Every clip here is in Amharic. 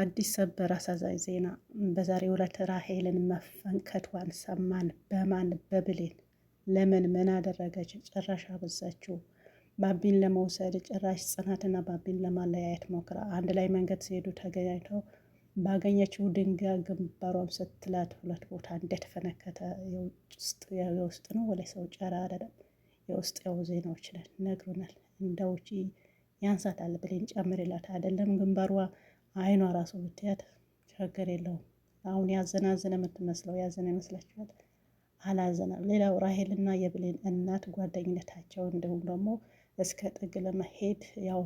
አዲስ ሰበር አሳዛኝ ዜና በዛሬው ዕለት ራሄልን መፈንከቷን ሰማን። በማን በብሌን ለምን ምን አደረገች? ጭራሽ አበዛችው። ባቢን ለመውሰድ ጭራሽ ጽናትና ባቢን ለማለያየት ሞክራ አንድ ላይ መንገድ ሲሄዱ ተገናኝተው ባገኘችው ድንጋይ ግንባሯም ስትላት ሁለት ቦታ እንደተፈነከተ የውስጥ ነው ወደ ሰው ጨራ አደለም። የውስጥ ያው ዜናዎች ነን ነግሩናል። እንደ ውጪ ያንሳታል ብሌን ይላት አደለም ግንባሯ አይኗ ራሱ ብትያት ችግር የለውም። አሁን ያዘናዘነ የምትመስለው ያዘነ ይመስላችኋል? አላዘነም። ሌላው ራሄልና የብሌን እናት ጓደኝነታቸው እንዲሁም ደግሞ እስከ ጥግ ለመሄድ ያው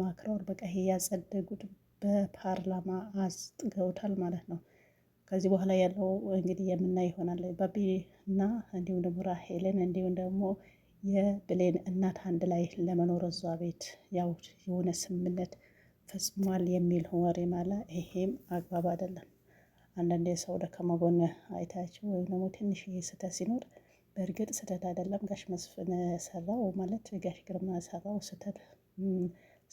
ማክረዋል። በቃ ይሄ ያጸደጉት በፓርላማ አስጥገውታል ማለት ነው። ከዚህ በኋላ ያለው እንግዲህ የምናይ ይሆናል። ባቢና እንዲሁም ደግሞ ራሄልን እንዲሁም ደግሞ የብሌን እናት አንድ ላይ ለመኖር እዛ ቤት ያው የሆነ ስምምነት ፈጽሟል የሚል ወሬ ማለ ይሄም አግባብ አይደለም። አንዳንዴ ሰው ደካማ ጎን አይታቸው ወይም ደግሞ ትንሽ ስህተት ሲኖር በእርግጥ ስህተት አይደለም ጋሽ መስፍን ሰራው ማለት ጋሽ ግርማ ሰራው ስህተት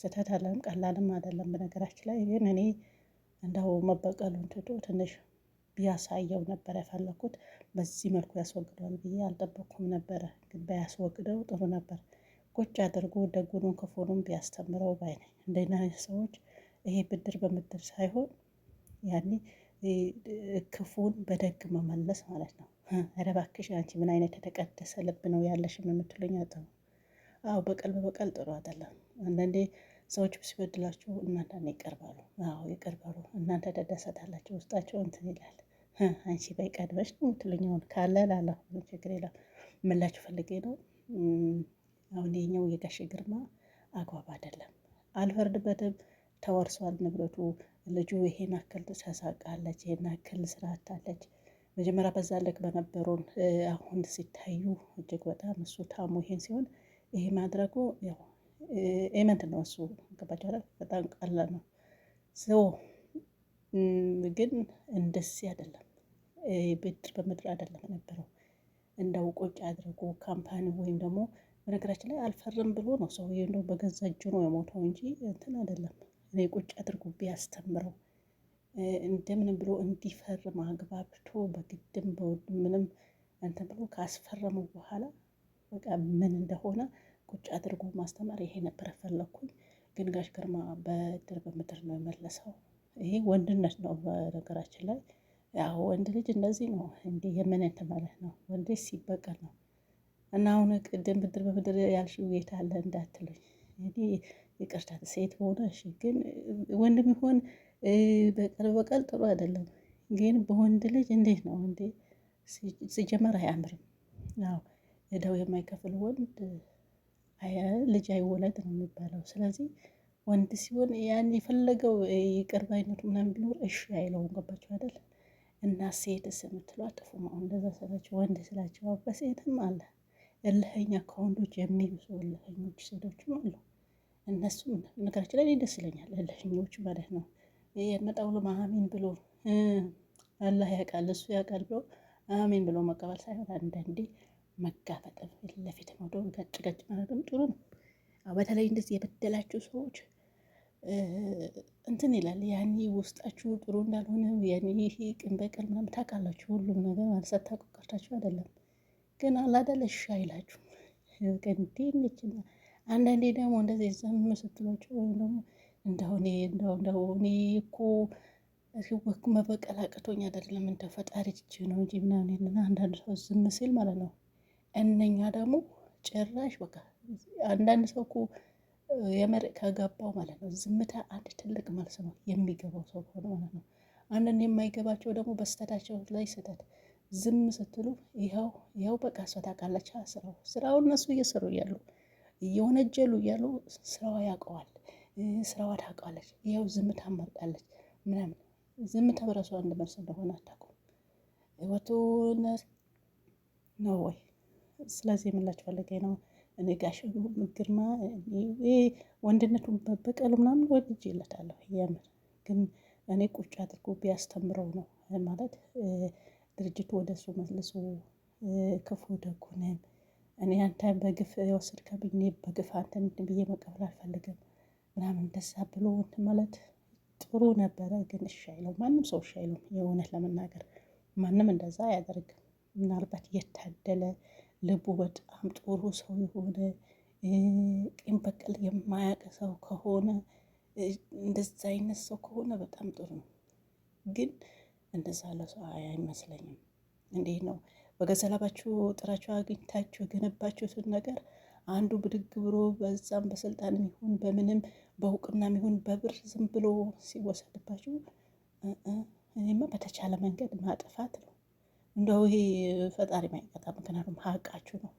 ስህተት አለም ቀላልም አይደለም። በነገራችን ላይ ግን እኔ እንደው መበቀሉን ትቶ ትንሽ ቢያሳየው ነበር የፈለኩት። በዚህ መልኩ ያስወግደዋል ብዬ አልጠበኩም ነበረ፣ ግን ባያስወግደው ጥሩ ነበር። ቁጭ አድርጎ ደጉኑን ክፉንም ቢያስተምረው ባይ ነኝ። እንደና ሰዎች ይሄ ብድር በምድር ሳይሆን ያኔ ክፉን በደግ መመለስ ማለት ነው። ኧረ እባክሽ አንቺ ምን አይነት የተቀደሰ ልብ ነው ያለሽ የምትለኝ አጥሩ። አዎ በቀል በበቀል ጥሩ አይደለም። አንዳንዴ ሰዎች ሲበድላችሁ እናንተ ይቀርባሉ። አዎ ይቀርባሉ። እናንተ ተደሰታላችሁ፣ ውስጣቸው እንትን ይላል። አንቺ በቀድመሽ ነው የምትለኝ አሁን ካለ ላለሁ ችግር የለም። ምላችሁ ፈልጌ ነው አሁን ይሄኛው የጋሽ ግርማ አግባብ አይደለም። አልፈርድበትም። ተወርሷል ንብረቱ። ልጁ ይሄን አክል ተሳቃለች፣ ይሄን አክል ስራታለች። መጀመሪያ በዛ ልክ በነበሩን አሁን ሲታዩ እጅግ በጣም እሱ ታሙ ይሄን ሲሆን ይሄ ማድረጉ ያው ኤመንት ነው። እሱ ገባቸው በጣም ቀላል ነው። ሰው ግን እንደዚህ አይደለም። ብድር በምድር አይደለም የነበረው። እንደው ቁጭ አድርጎ ካምፓኒ ወይም ደግሞ በነገራችን ላይ አልፈርም ብሎ ነው ሰው እንደው በገዛ እጁ ነው የሞተው እንጂ እንትን አይደለም። እኔ ቁጭ አድርጎ ቢያስተምረው እንደምንም ብሎ እንዲፈርም አግባብቶ በግድም ምንም እንትን ብሎ ካስፈረመው በኋላ በቃ ምን እንደሆነ ቁጭ አድርጎ ማስተማር ይሄ ነበር ፈለግኩኝ። ግን ጋሽ ግርማ በድር በምድር ነው የመለሰው። ይሄ ወንድነት ነው በነገራችን ላይ ያው ወንድ ልጅ እንደዚህ ነው እንዲህ የምን እንትን ማለት ነው። ወንድ ሲበቀል ነው እና አሁን ቅድም ብድር በብድር ያልሽው የት አለ እንዳትሉኝ፣ እንግዲህ ይቅርታ፣ ሴት ሆነ እሺ። ግን ወንድም ይሆን በቀል በቀል ጥሩ አይደለም። ግን በወንድ ልጅ እንዴት ነው እንዴ? ሲጀመር አያምርም። ያው እዳው የማይከፍል ወንድ ልጅ አይወለድ ነው የሚባለው። ስለዚህ ወንድ ሲሆን ያን የፈለገው ይቅር አይነቱ ምናምን ቢኖር እሺ አይለውም። ገባቸው አይደል? እና ሴት ስምትሏ ጥፉ ነው እንደዛ ሰላችሁ። ወንድ ስላቸው በሴትም አለ እልኸኛ ከወንዶች የሚብሱ እልኸኞች ሴቶችም አሉ። እነሱም ነገራችን ላይ ደስ ይለኛል፣ እልኸኞች ማለት ነው። የመጣውሎ አሚን ብሎ አላህ ያውቃል እሱ ያውቃል ብሎ አሚን ብሎ መቀበል ሳይሆን አንዳንዴ መጋፈጥም ፊት ለፊት መውደውን ገጭ ገጭ ማለትም ጥሩ ነው። በተለይ እንደዚህ የበደላችሁ ሰዎች እንትን ይላል ያኔ ውስጣችሁ ጥሩ እንዳልሆነ ያኔ ይሄ ቅን በቀል ምናምን ታውቃላችሁ። ሁሉም ነገር ማለት ሳታውቁ ቀርታችሁ አይደለም። ግን አላደለሽ እሺ አይላችሁም። እንዴ አንዳንዴ ደግሞ እንደዚህ ዝም ስትሏቸው ወይም ደግሞ እንደሆነ እንደው እኔ እኮ ህይወት መበቀል አቅቶኝ አይደለም እንደ ፈጣሪ ጅ ነው እንጂ ምናምን እና አንዳንድ ሰው ዝም ሲል ማለት ነው። እነኛ ደግሞ ጭራሽ በቃ አንዳንድ ሰው እኮ የመር ከገባው ማለት ነው ዝምታ አንድ ትልቅ መልስ ነው የሚገባው ሰው ከሆነ ማለት ነው። አንዳንድ የማይገባቸው ደግሞ በስተታቸው ላይ ስህተት ዝም ስትሉ ይኸው ይኸው በቃ እሷ ታውቃለች ስራው ስራው እነሱ እየሰሩ እያሉ እየወነጀሉ እያሉ ስራዋ ያውቀዋል፣ ስራዋ ታውቀዋለች፣ ይኸው ዝምታ መርጣለች ምናምን። ዝምታ በራሱ አንድ መልስ እንደሆነ አታውቁም። ህይወቱን ነው ወይ? ስለዚህ የምላቸው ፈለገ ነው። እኔ ጋሽ ግርማ ወንድነቱን በበቀል ምናምን ወድጄ እለታለሁ። የምር ግን እኔ ቁጭ አድርጎ ቢያስተምረው ነው ማለት ድርጅቱ ወደ እሱ መልሶ ክፉ ደጉንም እኔ አንተን በግፍ የወሰድከብኝ በግፍ አንተን ብዬ መቀበል አልፈልግም ምናምን እንደዛ ብሎ እንትን ማለት ጥሩ ነበረ። ግን እሺ አይለው ማንም ሰው እሺ አይለው። የእውነት ለመናገር ማንም እንደዛ አያደርግም። ምናልባት የታደለ ልቡ በጣም ጥሩ ሰው የሆነ ቂም በቀል የማያውቅ ሰው ከሆነ እንደዛ አይነት ሰው ከሆነ በጣም ጥሩ ነው ግን እንደዛ ያለ ሰው አይመስለኝም። እንዴት ነው በገዛ ጥራችሁ አግኝታችሁ የገነባችሁትን ነገር አንዱ ብድግ ብሎ በዛም በስልጣን ይሁን በምንም በእውቅናም ይሁን በብር ዝም ብሎ ሲወሰድባችሁ እኔማ በተቻለ መንገድ ማጥፋት ነው። እንደው ይሄ ፈጣሪ ማይቀጣ፣ ምክንያቱም ሀቃችሁ ነው።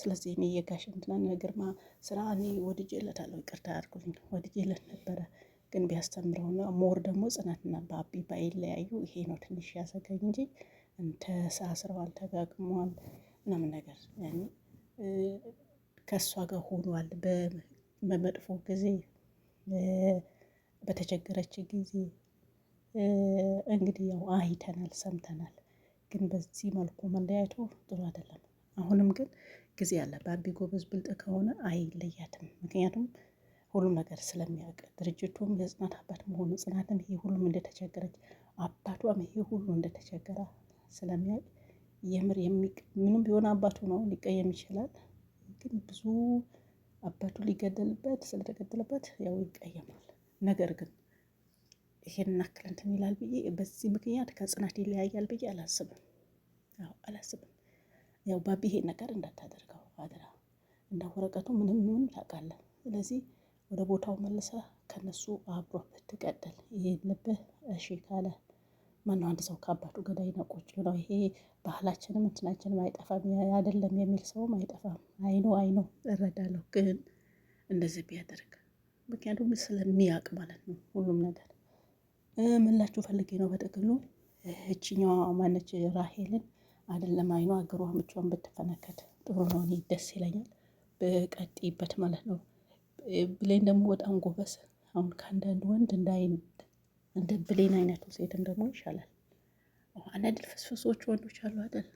ስለዚህ እኔ የጋሽ እንትና ግርማ ስራ እኔ ወድጄ እለታለሁ። ይቅርታ አድርጉልኝ፣ ወድጄ ነበረ። ግን ቢያስተምረውና ሞር ደግሞ ጽናትና በአቢ ባይለያዩ ይሄ ነው ትንሽ ያሰጋኝ እንጂ ተሳስረዋል፣ ተጋግመዋል ምናምን ነገር ያኔ ከእሷ ጋር ሆኗል። በመጥፎ ጊዜ፣ በተቸገረች ጊዜ እንግዲህ ያው አይተናል፣ ሰምተናል። ግን በዚህ መልኩ መለያየቱ ጥሩ አይደለም። አሁንም ግን ጊዜ አለ። በአቢ ጎበዝ ብልጥ ከሆነ አይለያትም። ምክንያቱም ሁሉም ነገር ስለሚያውቅ ድርጅቱም የጽናት አባት መሆኑ ጽናትም ይሄ ሁሉም እንደተቸገረች አባቷም ይሄ ሁሉ እንደተቸገረ ስለሚያውቅ የምር ምንም ቢሆን አባቱ ነው ሊቀየም ይችላል። ግን ብዙ አባቱ ሊገደልበት ስለተገደለበት ያው ይቀየማል። ነገር ግን ይሄን አክል እንትን ይላል ብዬ በዚህ ምክንያት ከጽናት ይለያያል ብዬ አላስብም አላስብም። ያው ባቢ ይሄን ነገር እንዳታደርገው አደራ። እንደ ወረቀቱ ምንም ምንም ታውቃለህ። ስለዚህ ወደ ቦታው መልሰ ከነሱ አብሮ ብትቀጥል ይሄ ልብህ እሺ ካለ ማነው አንድ ሰው ከአባቱ ገዳይ ነው ቁጭ ብለው ይሄ ባህላችንም እንትናችንም አይጠፋም አይደለም የሚል ሰውም አይጠፋም። አይኖ አይኖ እረዳለሁ፣ ግን እንደዚህ ቢያደርግ ምክንያቱም ስለሚያውቅ ማለት ነው ሁሉም ነገር። ምላችሁ ፈልጌ ነው በጥቅሉ እችኛዋ ማነች ራሄልን አይደለም አይኗ እግሯ ምቿን ብትፈነከት ጥሩ ነው። እኔ ደስ ይለኛል ብቀጥይበት ማለት ነው። ብሌን ደግሞ በጣም ጎበዝ። አሁን ከአንዳንድ ወንድ እንዳይን እንደ ብሌን አይነቱ ሴትም ደግሞ ይሻላል። አንዳንድ ፍስፍሶች ወንዶች አሉ አይደል?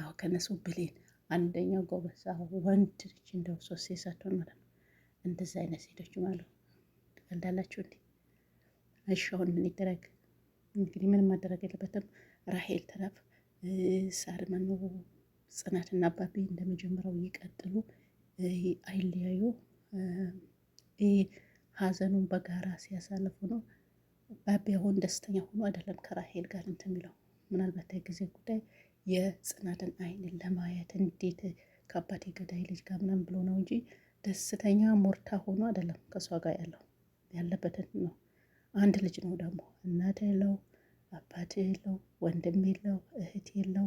አሁ ከነሱ ብሌን አንደኛው ጎበዝ ወንድ ልጅ እንደው ሶስት ሴሳቸውን ማለት ነው። እንደዚ አይነት ሴቶች ማለት እንዳላቸው እንዲ እሺ፣ ምን ይደረግ እንግዲህ? ምንም ማደረግ የለበትም። ራሄል ተረፍ ሳር መኖሩ ጽናትና አባቢ እንደመጀመሪያው ይቀጥሉ፣ አይለያዩ። ይህ ሀዘኑን በጋራ ሲያሳልፉ ነው። ባቢ ደስተኛ ሆኖ አይደለም ከራሄል ጋር እንትን የሚለው ምናልባት የጊዜ ጉዳይ የጽናትን አይንን ለማየት እንዴት ከአባቴ ገዳይ ልጅ ጋር ምናምን ብሎ ነው እንጂ ደስተኛ ሞርታ ሆኖ አይደለም ከእሷ ጋር ያለው ያለበትን ነው። አንድ ልጅ ነው ደግሞ እናት የለው አባት የለው ወንድም የለው እህት የለው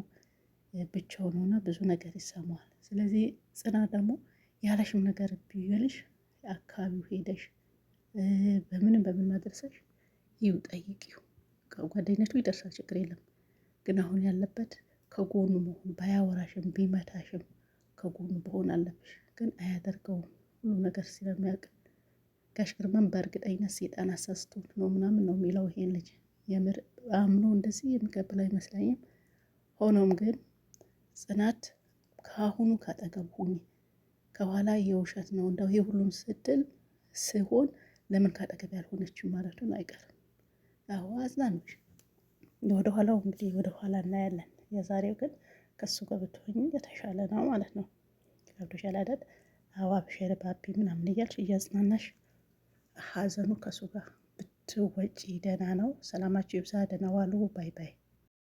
ብቻ ሆኖ ብዙ ነገር ይሰማዋል። ስለዚህ ጽናት ደግሞ ያለሽም ነገር ቢሆንሽ አካባቢው ሄደሽ በምንም በምን ማድረሰሽ ይው ጠይቂው። ከጓደኝነቱ ይደርሳል፣ ችግር የለም። ግን አሁን ያለበት ከጎኑ መሆን ባያወራሽም ቢመታሽም ከጎኑ መሆን አለብሽ። ግን አያደርገውም፣ ሁሉ ነገር ስለሚያውቅ ጋሽ ግርማን በእርግጠኝነት ሴጣን አሳስቶት ነው ምናምን ነው የሚለው ይሄን ልጅ የምር አምኖ እንደዚህ የሚቀበል አይመስለኝም። ሆኖም ግን ጽናት ከአሁኑ ካጠገብ ሁኚ ከኋላ የውሸት ነው እንደው ይሄ ሁሉም ስድል ሲሆን ለምን ካጠገብ ያልሆነችም ማለቱን አይቀርም። አዎ አዝናኖች ወደኋላው እንግዲህ ወደኋላ እናያለን። የዛሬው ግን ከሱ ጋር ብትሆኝ የተሻለ ነው ማለት ነው። ገብቶሻል አይደል? አዋ ባቢ ምናምን እያልሽ እያዝናናሽ ሀዘኑ ከሱ ጋር ብትወጪ ደህና ነው። ሰላማችሁ ይብዛ። ደህና ዋሉ። ባይ ባይ